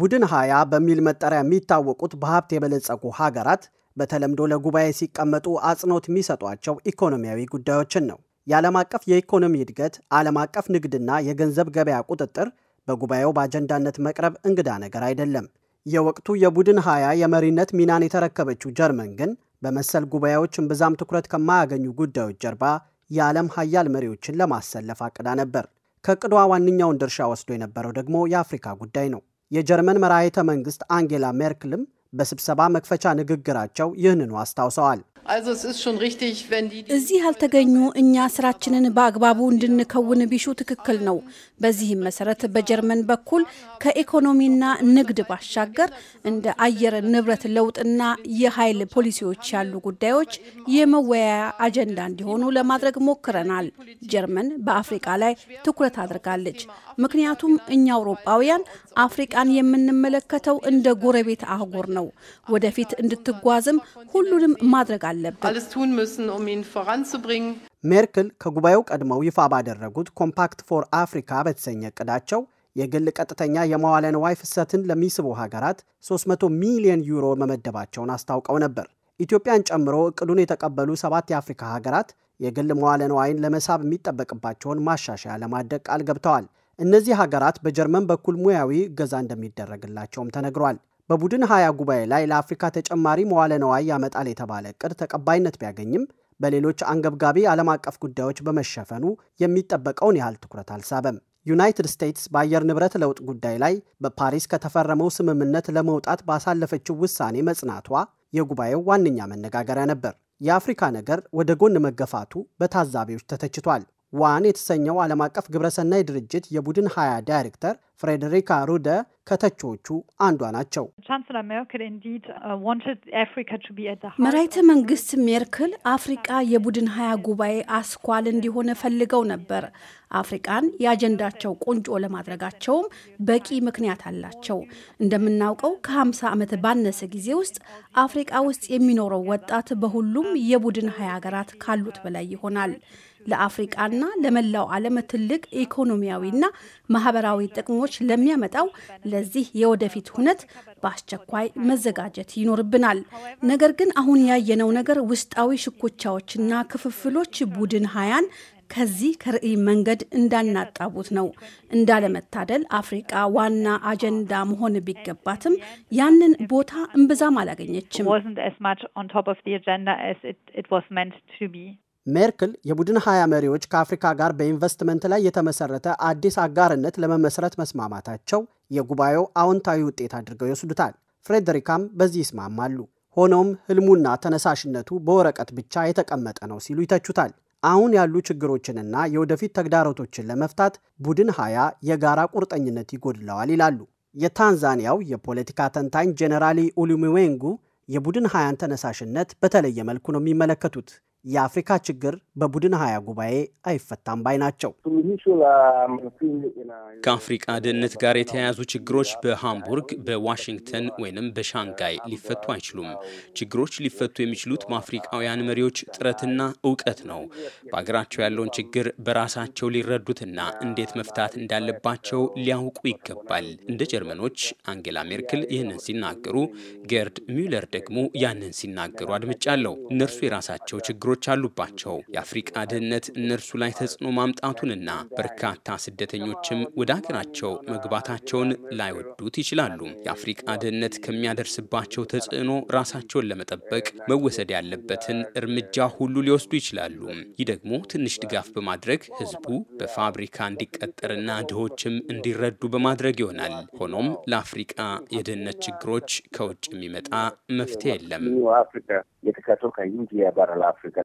ቡድን ሀያ በሚል መጠሪያ የሚታወቁት በሀብት የበለጸጉ ሀገራት በተለምዶ ለጉባኤ ሲቀመጡ አጽንኦት የሚሰጧቸው ኢኮኖሚያዊ ጉዳዮችን ነው። የዓለም አቀፍ የኢኮኖሚ እድገት፣ ዓለም አቀፍ ንግድና የገንዘብ ገበያ ቁጥጥር በጉባኤው በአጀንዳነት መቅረብ እንግዳ ነገር አይደለም። የወቅቱ የቡድን ሀያ የመሪነት ሚናን የተረከበችው ጀርመን ግን በመሰል ጉባኤዎች እምብዛም ትኩረት ከማያገኙ ጉዳዮች ጀርባ የዓለም ሀያል መሪዎችን ለማሰለፍ አቅዳ ነበር። ከቅዷ ዋነኛውን ድርሻ ወስዶ የነበረው ደግሞ የአፍሪካ ጉዳይ ነው። የጀርመን መራሄተ መንግስት አንጌላ ሜርክልም በስብሰባ መክፈቻ ንግግራቸው ይህንኑ አስታውሰዋል። እዚህ ያልተገኙ እኛ ስራችንን በአግባቡ እንድንከውን ቢሹ ትክክል ነው። በዚህም መሰረት በጀርመን በኩል ከኢኮኖሚና ንግድ ባሻገር እንደ አየር ንብረት ለውጥና የኃይል ፖሊሲዎች ያሉ ጉዳዮች የመወያያ አጀንዳ እንዲሆኑ ለማድረግ ሞክረናል። ጀርመን በአፍሪቃ ላይ ትኩረት አድርጋለች። ምክንያቱም እኛ አውሮፓውያን አፍሪቃን የምንመለከተው እንደ ጎረቤት አህጉር ነው። ወደፊት እንድትጓዝም ሁሉንም ማድረግ አለ አለብን። um ሜርክል ከጉባኤው ቀድመው ይፋ ባደረጉት ኮምፓክት ፎር አፍሪካ በተሰኘ እቅዳቸው የግል ቀጥተኛ የመዋለ ንዋይ ፍሰትን ለሚስቡ ሀገራት 300 ሚሊዮን ዩሮ መመደባቸውን አስታውቀው ነበር። ኢትዮጵያን ጨምሮ እቅዱን የተቀበሉ ሰባት የአፍሪካ ሀገራት የግል መዋለ ንዋይን ለመሳብ የሚጠበቅባቸውን ማሻሻያ ለማድረግ ቃል ገብተዋል። እነዚህ ሀገራት በጀርመን በኩል ሙያዊ እገዛ እንደሚደረግላቸውም ተነግሯል። በቡድን ሀያ ጉባኤ ላይ ለአፍሪካ ተጨማሪ መዋለ ነዋይ ያመጣል የተባለ እቅድ ተቀባይነት ቢያገኝም በሌሎች አንገብጋቢ ዓለም አቀፍ ጉዳዮች በመሸፈኑ የሚጠበቀውን ያህል ትኩረት አልሳበም። ዩናይትድ ስቴትስ በአየር ንብረት ለውጥ ጉዳይ ላይ በፓሪስ ከተፈረመው ስምምነት ለመውጣት ባሳለፈችው ውሳኔ መጽናቷ የጉባኤው ዋነኛ መነጋገሪያ ነበር። የአፍሪካ ነገር ወደ ጎን መገፋቱ በታዛቢዎች ተተችቷል። ዋን የተሰኘው ዓለም አቀፍ ግብረሰናይ ድርጅት የቡድን ሀያ ዳይሬክተር ፍሬደሪካ ሩደ ከተቾቹ አንዷ ናቸው። uh, መራይተ መንግስት ሜርክል አፍሪቃ የቡድን ሀያ ጉባኤ አስኳል እንዲሆነ ፈልገው ነበር። አፍሪቃን የአጀንዳቸው ቁንጮ ለማድረጋቸውም በቂ ምክንያት አላቸው። እንደምናውቀው ከ50 ዓመት ባነሰ ጊዜ ውስጥ አፍሪቃ ውስጥ የሚኖረው ወጣት በሁሉም የቡድን ሀያ ሀገራት ካሉት በላይ ይሆናል። ለአፍሪቃና ለመላው ዓለም ትልቅ ኢኮኖሚያዊና ማህበራዊ ጥቅሞች ለውጦች ለሚያመጣው ለዚህ የወደፊት ሁነት በአስቸኳይ መዘጋጀት ይኖርብናል። ነገር ግን አሁን ያየነው ነገር ውስጣዊ ሽኩቻዎችና ክፍፍሎች ቡድን ሀያን ከዚህ ከርዕይ መንገድ እንዳናጣቡት ነው። እንዳለመታደል አፍሪቃ ዋና አጀንዳ መሆን ቢገባትም ያንን ቦታ እምብዛም አላገኘችም። ሜርክል የቡድን ሀያ መሪዎች ከአፍሪካ ጋር በኢንቨስትመንት ላይ የተመሰረተ አዲስ አጋርነት ለመመስረት መስማማታቸው የጉባኤው አዎንታዊ ውጤት አድርገው ይወስዱታል። ፍሬደሪካም በዚህ ይስማማሉ። ሆኖም ህልሙና ተነሳሽነቱ በወረቀት ብቻ የተቀመጠ ነው ሲሉ ይተቹታል። አሁን ያሉ ችግሮችንና የወደፊት ተግዳሮቶችን ለመፍታት ቡድን ሀያ የጋራ ቁርጠኝነት ይጎድለዋል ይላሉ። የታንዛኒያው የፖለቲካ ተንታኝ ጄኔራሊ ኡሉሚዌንጉ የቡድን ሀያን ተነሳሽነት በተለየ መልኩ ነው የሚመለከቱት። የአፍሪካ ችግር በቡድን ሀያ ጉባኤ አይፈታም ባይ ናቸው። ከአፍሪቃ ድህነት ጋር የተያያዙ ችግሮች በሃምቡርግ፣ በዋሽንግተን ወይንም በሻንጋይ ሊፈቱ አይችሉም። ችግሮች ሊፈቱ የሚችሉት በአፍሪቃውያን መሪዎች ጥረትና እውቀት ነው። በሀገራቸው ያለውን ችግር በራሳቸው ሊረዱትና እንዴት መፍታት እንዳለባቸው ሊያውቁ ይገባል። እንደ ጀርመኖች አንጌላ ሜርክል ይህንን ሲናገሩ፣ ጌርድ ሚለር ደግሞ ያንን ሲናገሩ አድምጫለሁ። እነርሱ የራሳቸው ችግሮች ችግሮች አሉባቸው። የአፍሪቃ ድህነት እነርሱ ላይ ተጽዕኖ ማምጣቱንና በርካታ ስደተኞችም ወደ ሀገራቸው መግባታቸውን ላይወዱት ይችላሉ። የአፍሪቃ ድህነት ከሚያደርስባቸው ተጽዕኖ ራሳቸውን ለመጠበቅ መወሰድ ያለበትን እርምጃ ሁሉ ሊወስዱ ይችላሉ። ይህ ደግሞ ትንሽ ድጋፍ በማድረግ ህዝቡ በፋብሪካ እንዲቀጠርና ድሆችም እንዲረዱ በማድረግ ይሆናል። ሆኖም ለአፍሪቃ የድህነት ችግሮች ከውጭ የሚመጣ መፍትሄ የለም። yatakatoka nje ya bara la Afrika.